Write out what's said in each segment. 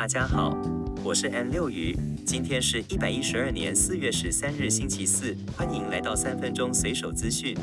大家好，我是 N 六魚，今天是一百一十二年四月十三日星期四，歡迎來到三分鐘隨手資訊，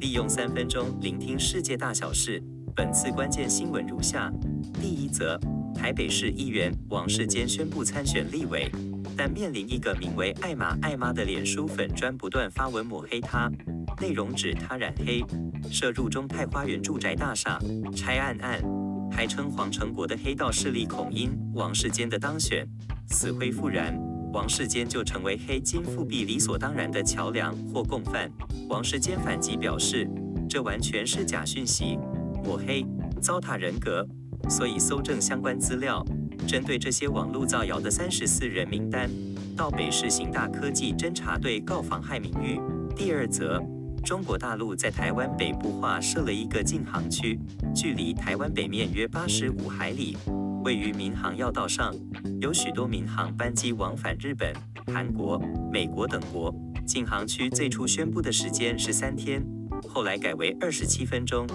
利用三分鐘聆聽世界大小事。本次關鍵新聞如下：第一則，台北市議員王世堅宣布參選立委，但面臨一個名為“愛瑪、愛媽”的臉書粉專不斷發文抹黑他，內容指他染黑涉入中泰花園住宅大廈拆案案。還稱黃成國的黑道勢力恐因王世堅的當選死灰復燃，王世堅就成為黑金復辟理所當然的橋梁或共犯。王世堅反擊表示，這完全是假訊息、抹黑、糟蹋人格，所以搜證相關資料，針對這些網絡造謠的三十四人名單，到北市刑大科技偵查隊告妨害名譽。第二則。中國大陸在臺灣北部劃設了一個禁航區，距離臺灣北面約八十五海里，位於民航要道上，有許多民航班機往返日本、韓國、美國等國。禁航區最初宣布的時間是三天，後來改為二十七分鐘，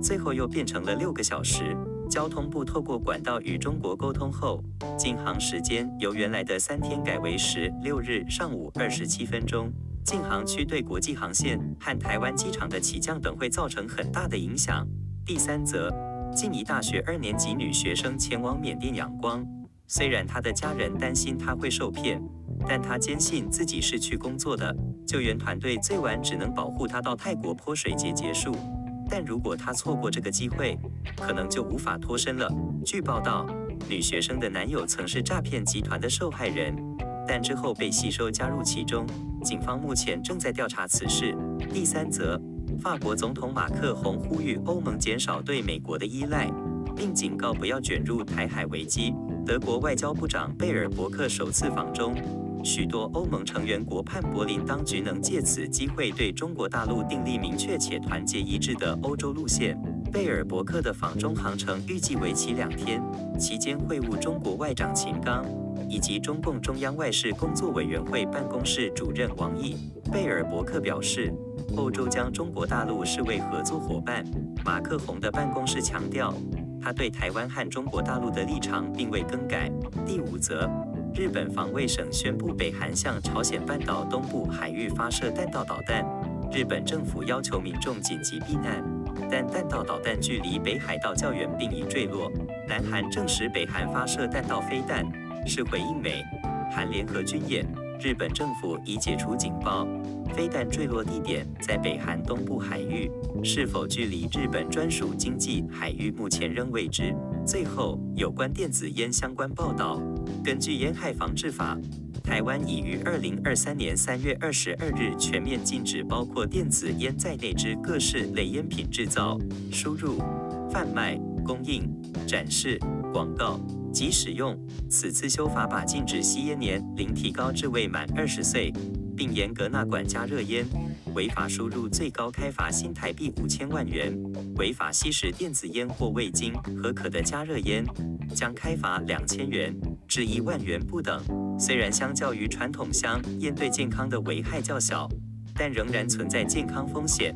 最後又變成了六個小時。交通部透過管道與中國溝通後，禁航時間由原來的三天改為十六日上午二十七分鐘。禁航區對國際航線和台灣機場的起降等會造成很大的影響。第三則，靜宜大學二年級女學生前往緬甸仰光，雖然她的家人擔心她會受騙，但她堅信自己是去工作的。救援團隊最晚只能保護她到泰國潑水節結束，但如果她錯過這個機會，可能就無法脫身了。據報道，女學生的男友曾是詐騙集團的受害人，但之後被吸收加入其中。警方目前正在調查此事。第三則，法國總統馬克宏呼籲歐盟減少對美國的依賴，並警告不要捲入台海危機。德國外交部長貝爾伯克首次訪中，許多歐盟成員國盼柏林當局能借此機會對中國大陸訂立明確且團結一致的歐洲路線。貝爾伯克的訪中航程預計為期兩天，期間會晤中國外長秦剛，以及中共中央外事工作委員會辦公室主任王毅。貝爾伯克表示，歐洲將中國大陸視為合作伙伴。馬克宏的辦公室強調，他對台灣和中國大陸的立場並未更改。第五則，日本防衛省宣布，北韓向朝鮮半島東部海域發射彈道導彈，日本政府要求民眾緊急避難，但彈道導彈距離北海道較遠，並已墜落。南韓證實北韓發射彈道飛彈，是回應美韓聯合軍演，日本政府已解除警報。飛彈墜落地點在北韓東部海域，是否距離日本專屬經濟海域，目前仍未知。最後，有關電子菸相關報道，根據《菸害防治法》，台灣已於二零二三年三月二十二日全面禁止包括電子菸在內之各式類菸品製造、輸入、販賣、供應、展示、廣告及使用，此次修法把禁止吸菸年齡提高至未滿二十歲，並嚴格納管加熱菸。違法輸入最高開罰新台幣五千萬元，違法吸食電子菸或未經核可的加熱菸，將開罰兩千元至一萬元不等。雖然相較於傳統香菸對健康的危害較小，但仍然存在健康風險。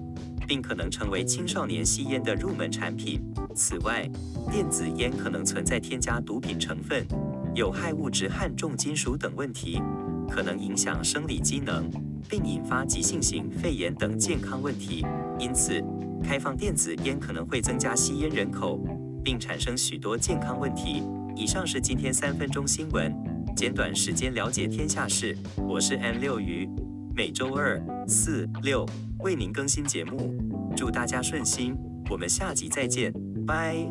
並可能成為青少年吸煙的入門產品。此外，電子煙可能存在添加毒品成分、有害物質和重金屬等問題，可能影響生理機能，並引發急性型肺炎等健康問題。因此，開放電子煙可能會增加吸煙人口，並產生許多健康問題。以上是今天三分鐘新聞，簡短時間了解天下事。我是米高，每周二、四、六。為您更新節目，祝大家順心，我們下集再見，拜。